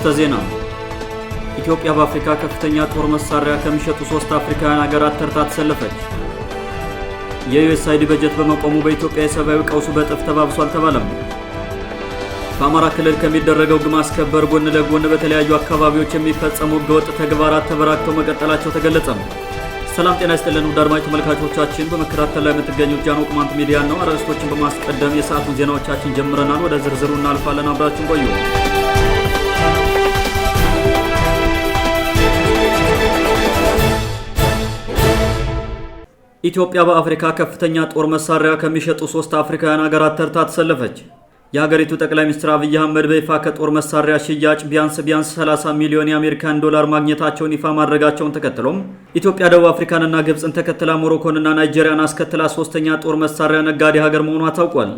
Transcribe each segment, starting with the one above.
አርዕስተ ዜና። ኢትዮጵያ በአፍሪካ ከፍተኛ ጦር መሳሪያ ከሚሸጡ ሶስት አፍሪካውያን ሀገራት ተርታ ተሰለፈች። የዩኤስአይዲ በጀት በመቆሙ በኢትዮጵያ የሰብአዊ ቀውሱ በእጥፍ ተባብሷል ተባለም። በአማራ ክልል ከሚደረገው ግብ ማስከበር ጎን ለጎን በተለያዩ አካባቢዎች የሚፈጸሙ ህገወጥ ተግባራት ተበራክተው መቀጠላቸው ተገለጸም። ሰላም ጤና ይስጥልን ውድ አድማጭ ተመልካቾቻችን፣ በመከታተል ላይ የምትገኙት ጃኖ ቁማንት ሚዲያ ነው። አርዕስቶችን በማስቀደም የሰዓቱን ዜናዎቻችን ጀምረናል። ወደ ዝርዝሩ እናልፋለን። አብራችን ቆዩ። ኢትዮጵያ በአፍሪካ ከፍተኛ ጦር መሳሪያ ከሚሸጡ ሶስት አፍሪካውያን ሀገራት ተርታ ተሰለፈች። የሀገሪቱ ጠቅላይ ሚኒስትር አብይ አህመድ በይፋ ከጦር መሳሪያ ሽያጭ ቢያንስ ቢያንስ 30 ሚሊዮን የአሜሪካን ዶላር ማግኘታቸውን ይፋ ማድረጋቸውን ተከትሎም ኢትዮጵያ ደቡብ አፍሪካንና ግብፅን ተከትላ ሞሮኮንና ናይጄሪያን አስከትላ ሶስተኛ ጦር መሳሪያ ነጋዴ ሀገር መሆኗ ታውቋል።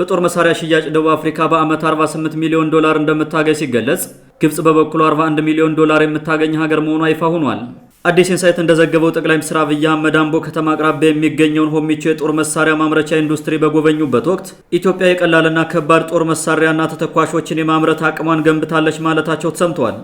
በጦር መሳሪያ ሽያጭ ደቡብ አፍሪካ በዓመት 48 ሚሊዮን ዶላር እንደምታገኝ ሲገለጽ፣ ግብፅ በበኩሉ 41 ሚሊዮን ዶላር የምታገኝ ሀገር መሆኗ ይፋ ሆኗል። አዲስ ኢንሳይት እንደዘገበው ጠቅላይ ሚኒስትር አብይ አህመድ አምቦ ከተማ አቅራቢያ የሚገኘውን ሆሚቾ የጦር መሳሪያ ማምረቻ ኢንዱስትሪ በጎበኙበት ወቅት ኢትዮጵያ የቀላልና ከባድ ጦር መሳሪያና ተተኳሾችን የማምረት አቅሟን ገንብታለች ማለታቸው ተሰምቷል።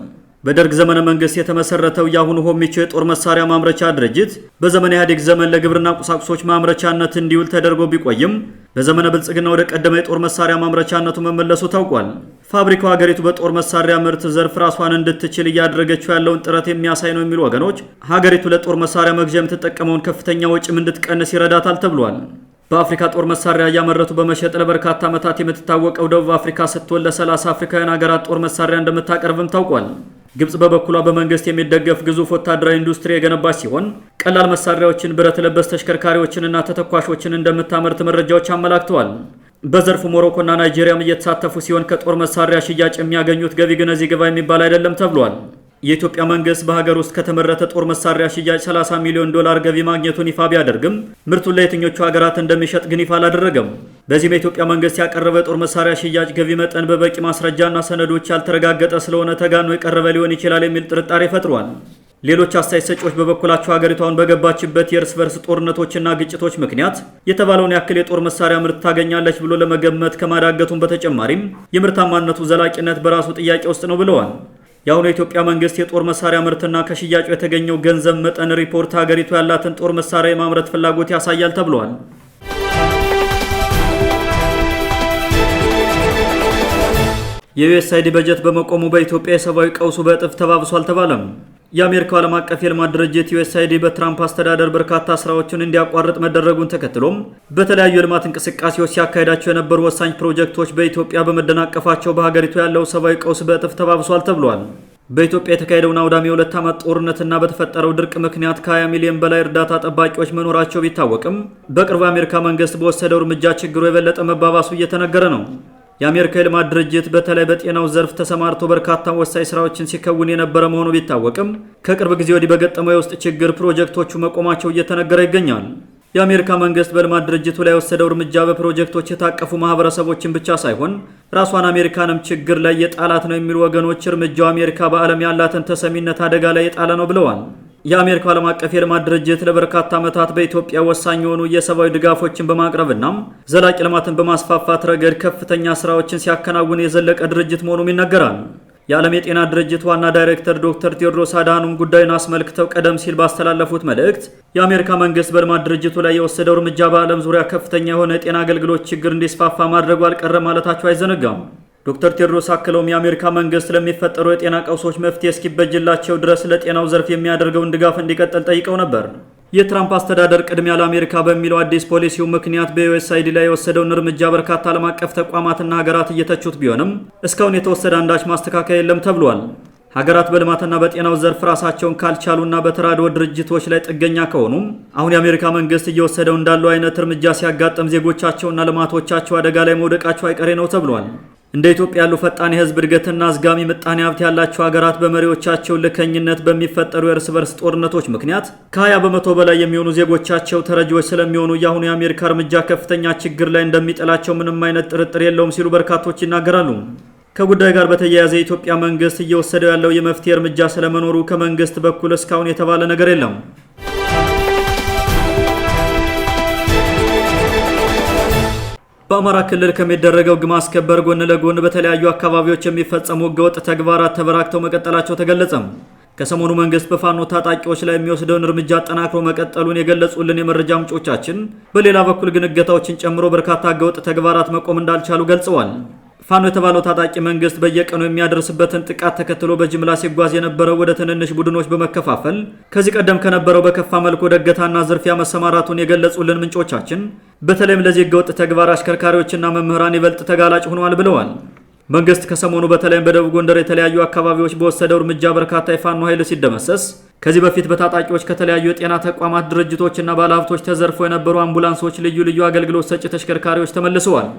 በደርግ ዘመነ መንግስት የተመሰረተው የአሁኑ ሆሚቾ የጦር መሳሪያ ማምረቻ ድርጅት በዘመነ ኢህአዴግ ዘመን ለግብርና ቁሳቁሶች ማምረቻነት እንዲውል ተደርጎ ቢቆይም በዘመነ ብልጽግና ወደ ቀደመ የጦር መሳሪያ ማምረቻነቱ መመለሱ ታውቋል። ፋብሪካው ሀገሪቱ በጦር መሳሪያ ምርት ዘርፍ ራሷን እንድትችል እያደረገችው ያለውን ጥረት የሚያሳይ ነው የሚሉ ወገኖች ሀገሪቱ ለጦር መሳሪያ መግዣ የምትጠቀመውን ከፍተኛ ወጪም እንድትቀንስ ይረዳታል ተብሏል። በአፍሪካ ጦር መሳሪያ እያመረቱ በመሸጥ ለበርካታ ዓመታት የምትታወቀው ደቡብ አፍሪካ ስትሆን ለ30 አፍሪካውያን ሀገራት ጦር መሳሪያ እንደምታቀርብም ታውቋል። ግብጽ በበኩሏ በመንግስት የሚደገፍ ግዙፍ ወታደራዊ ኢንዱስትሪ የገነባች ሲሆን ቀላል መሳሪያዎችን፣ ብረት ለበስ ተሽከርካሪዎችንና ተተኳሾችን እንደምታመርት መረጃዎች አመላክተዋል። በዘርፉ ሞሮኮና ናይጄሪያም እየተሳተፉ ሲሆን ከጦር መሳሪያ ሽያጭ የሚያገኙት ገቢ ግን እዚህ ግባ የሚባል አይደለም ተብሏል። የኢትዮጵያ መንግስት በሀገር ውስጥ ከተመረተ ጦር መሳሪያ ሽያጭ 30 ሚሊዮን ዶላር ገቢ ማግኘቱን ይፋ ቢያደርግም ምርቱን ለየትኞቹ ሀገራት እንደሚሸጥ ግን ይፋ አላደረገም። በዚህም የኢትዮጵያ መንግስት ያቀረበ የጦር መሳሪያ ሽያጭ ገቢ መጠን በበቂ ማስረጃና ሰነዶች ያልተረጋገጠ ስለሆነ ተጋኖ የቀረበ ሊሆን ይችላል የሚል ጥርጣሬ ፈጥሯል። ሌሎች አስተያየት ሰጪዎች በበኩላቸው ሀገሪቷን በገባችበት የእርስ በርስ ጦርነቶችና ግጭቶች ምክንያት የተባለውን ያክል የጦር መሳሪያ ምርት ታገኛለች ብሎ ለመገመት ከማዳገቱን በተጨማሪም የምርታማነቱ ዘላቂነት በራሱ ጥያቄ ውስጥ ነው ብለዋል። የአሁኑ የኢትዮጵያ መንግስት የጦር መሳሪያ ምርትና ከሽያጩ የተገኘው ገንዘብ መጠን ሪፖርት ሀገሪቱ ያላትን ጦር መሳሪያ የማምረት ፍላጎት ያሳያል ተብሏል። የዩኤስአይዲ በጀት በመቆሙ በኢትዮጵያ የሰብአዊ ቀውሱ በእጥፍ ተባብሷል ተባለም። የአሜሪካው ዓለም አቀፍ የልማት ድርጅት ዩኤስአይዲ በትራምፕ አስተዳደር በርካታ ስራዎችን እንዲያቋርጥ መደረጉን ተከትሎም በተለያዩ የልማት እንቅስቃሴዎች ሲያካሄዳቸው የነበሩ ወሳኝ ፕሮጀክቶች በኢትዮጵያ በመደናቀፋቸው በሀገሪቱ ያለው ሰብአዊ ቀውስ በእጥፍ ተባብሷል ተብሏል። በኢትዮጵያ የተካሄደውን አውዳሚ የሁለት ዓመት ጦርነትና በተፈጠረው ድርቅ ምክንያት ከ20 ሚሊዮን በላይ እርዳታ ጠባቂዎች መኖራቸው ቢታወቅም በቅርቡ የአሜሪካ መንግስት በወሰደው እርምጃ ችግሩ የበለጠ መባባሱ እየተነገረ ነው። የአሜሪካ የልማት ድርጅት በተለይ በጤናው ዘርፍ ተሰማርቶ በርካታ ወሳኝ ስራዎችን ሲከውን የነበረ መሆኑ ቢታወቅም ከቅርብ ጊዜ ወዲህ በገጠመው የውስጥ ችግር ፕሮጀክቶቹ መቆማቸው እየተነገረ ይገኛል። የአሜሪካ መንግስት በልማት ድርጅቱ ላይ የወሰደው እርምጃ በፕሮጀክቶች የታቀፉ ማህበረሰቦችን ብቻ ሳይሆን ራሷን አሜሪካንም ችግር ላይ የጣላት ነው የሚሉ ወገኖች እርምጃው አሜሪካ በዓለም ያላትን ተሰሚነት አደጋ ላይ የጣለ ነው ብለዋል። የአሜሪካ ዓለም አቀፍ የልማት ድርጅት ለበርካታ ዓመታት በኢትዮጵያ ወሳኝ የሆኑ የሰብአዊ ድጋፎችን በማቅረብና ዘላቂ ልማትን በማስፋፋት ረገድ ከፍተኛ ስራዎችን ሲያከናውን የዘለቀ ድርጅት መሆኑም ይነገራል። የዓለም የጤና ድርጅት ዋና ዳይሬክተር ዶክተር ቴዎድሮስ አድሃኖም ጉዳዩን አስመልክተው ቀደም ሲል ባስተላለፉት መልእክት የአሜሪካ መንግስት በልማት ድርጅቱ ላይ የወሰደው እርምጃ በዓለም ዙሪያ ከፍተኛ የሆነ የጤና አገልግሎት ችግር እንዲስፋፋ ማድረጉ አልቀረ ማለታቸው አይዘነጋም። ዶክተር ቴድሮስ አክለውም የአሜሪካ መንግስት ለሚፈጠሩ የጤና ቀውሶች መፍትሄ እስኪበጅላቸው ድረስ ለጤናው ዘርፍ የሚያደርገውን ድጋፍ እንዲቀጥል ጠይቀው ነበር። የትራምፕ አስተዳደር ቅድሚያ ለአሜሪካ በሚለው አዲስ ፖሊሲው ምክንያት በዩኤስአይዲ ላይ የወሰደውን እርምጃ በርካታ ዓለም አቀፍ ተቋማትና ሀገራት እየተቹት ቢሆንም እስካሁን የተወሰደ አንዳች ማስተካከያ የለም ተብሏል። ሀገራት በልማትና በጤናው ዘርፍ ራሳቸውን ካልቻሉና በተራድኦ ድርጅቶች ላይ ጥገኛ ከሆኑም አሁን የአሜሪካ መንግስት እየወሰደው እንዳለው አይነት እርምጃ ሲያጋጥም ዜጎቻቸውና ልማቶቻቸው አደጋ ላይ መውደቃቸው አይቀሬ ነው ተብሏል። እንደ ኢትዮጵያ ያሉ ፈጣን የህዝብ እድገትና አዝጋሚ ምጣኔ ሀብት ያላቸው ሀገራት በመሪዎቻቸው ልከኝነት በሚፈጠሩ የእርስ በርስ ጦርነቶች ምክንያት ከ20 በመቶ በላይ የሚሆኑ ዜጎቻቸው ተረጂዎች ስለሚሆኑ የአሁኑ የአሜሪካ እርምጃ ከፍተኛ ችግር ላይ እንደሚጥላቸው ምንም አይነት ጥርጥር የለውም ሲሉ በርካቶች ይናገራሉ። ከጉዳይ ጋር በተያያዘ የኢትዮጵያ መንግስት እየወሰደው ያለው የመፍትሄ እርምጃ ስለመኖሩ ከመንግስት በኩል እስካሁን የተባለ ነገር የለም። በአማራ ክልል ከሚደረገው ሕግ ማስከበር ጎን ለጎን በተለያዩ አካባቢዎች የሚፈጸሙ ህገወጥ ተግባራት ተበራክተው መቀጠላቸው ተገለጸም። ከሰሞኑ መንግስት በፋኖ ታጣቂዎች ላይ የሚወስደውን እርምጃ አጠናክሮ መቀጠሉን የገለጹልን የመረጃ ምንጮቻችን፣ በሌላ በኩል ግን እገታዎችን ጨምሮ በርካታ ህገወጥ ተግባራት መቆም እንዳልቻሉ ገልጸዋል። ፋኖ የተባለው ታጣቂ መንግስት በየቀኑ የሚያደርስበትን ጥቃት ተከትሎ በጅምላ ሲጓዝ የነበረው ወደ ትንንሽ ቡድኖች በመከፋፈል ከዚህ ቀደም ከነበረው በከፋ መልኩ ወደ እገታና ዝርፊያ መሰማራቱን የገለጹልን ምንጮቻችን በተለይም ለዚህ ህገወጥ ተግባር አሽከርካሪዎችና መምህራን ይበልጥ ተጋላጭ ሆነዋል ብለዋል። መንግስት ከሰሞኑ በተለይም በደቡብ ጎንደር የተለያዩ አካባቢዎች በወሰደው እርምጃ በርካታ የፋኖ ኃይል ሲደመሰስ ከዚህ በፊት በታጣቂዎች ከተለያዩ የጤና ተቋማት ድርጅቶችና ባለሀብቶች ተዘርፎ የነበሩ አምቡላንሶች፣ ልዩ ልዩ አገልግሎት ሰጪ ተሽከርካሪዎች ተመልሰዋል።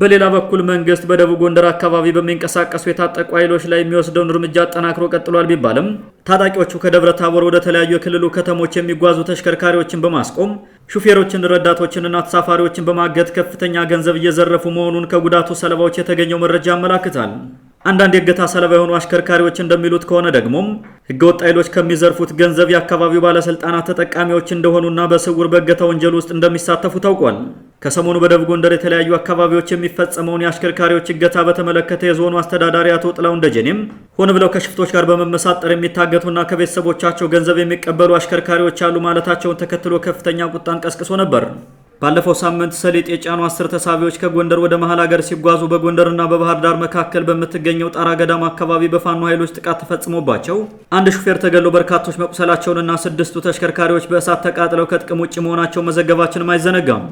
በሌላ በኩል መንግስት በደቡብ ጎንደር አካባቢ በሚንቀሳቀሱ የታጠቁ ኃይሎች ላይ የሚወስደውን እርምጃ አጠናክሮ ቀጥሏል ቢባልም ታጣቂዎቹ ከደብረ ታቦር ወደ ተለያዩ የክልሉ ከተሞች የሚጓዙ ተሽከርካሪዎችን በማስቆም ሹፌሮችን፣ ረዳቶችንና ተሳፋሪዎችን በማገት ከፍተኛ ገንዘብ እየዘረፉ መሆኑን ከጉዳቱ ሰለባዎች የተገኘው መረጃ ያመላክታል። አንዳንድ የእገታ ሰለባ የሆኑ አሽከርካሪዎች እንደሚሉት ከሆነ ደግሞም ህገወጥ ኃይሎች ከሚዘርፉት ገንዘብ የአካባቢው ባለስልጣናት ተጠቃሚዎች እንደሆኑና በስውር በእገታ ወንጀል ውስጥ እንደሚሳተፉ ታውቋል። ከሰሞኑ በደቡብ ጎንደር የተለያዩ አካባቢዎች የሚፈጸመውን የአሽከርካሪዎች እገታ በተመለከተ የዞኑ አስተዳዳሪ አቶ ጥላውን ደጀኔም ሆን ብለው ከሽፍቶች ጋር በመመሳጠር የሚታገቱና ከቤተሰቦቻቸው ገንዘብ የሚቀበሉ አሽከርካሪዎች አሉ ማለታቸውን ተከትሎ ከፍተኛ ቁጣን ቀስቅሶ ነበር። ባለፈው ሳምንት ሰሊጥ የጫኑ አስር ተሳቢዎች ከጎንደር ወደ መሀል ሀገር ሲጓዙ በጎንደርና በባህር ዳር መካከል በምትገኘው ጣራ ገዳም አካባቢ በፋኖ ኃይሎች ጥቃት ተፈጽሞባቸው አንድ ሹፌር ተገሎ በርካቶች መቁሰላቸውንና ስድስቱ ተሽከርካሪዎች በእሳት ተቃጥለው ከጥቅም ውጭ መሆናቸው መዘገባችንም አይዘነጋም።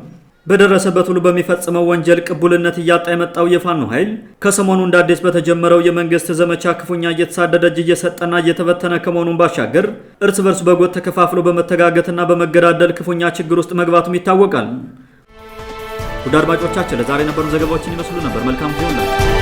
በደረሰበት ሁሉ በሚፈጽመው ወንጀል ቅቡልነት እያጣ የመጣው የፋኖ ኃይል ከሰሞኑ እንደ አዲስ በተጀመረው የመንግስት ዘመቻ ክፉኛ እየተሳደደ እጅ እየሰጠና እየተበተነ ከመሆኑን ባሻገር እርስ በርስ በጎጥ ተከፋፍሎ በመተጋገትና በመገዳደል ክፉኛ ችግር ውስጥ መግባቱም ይታወቃል። ውድ አድማጮቻችን ለዛሬ የነበሩ ዘገባዎችን ይመስሉ ነበር። መልካም ጊዜ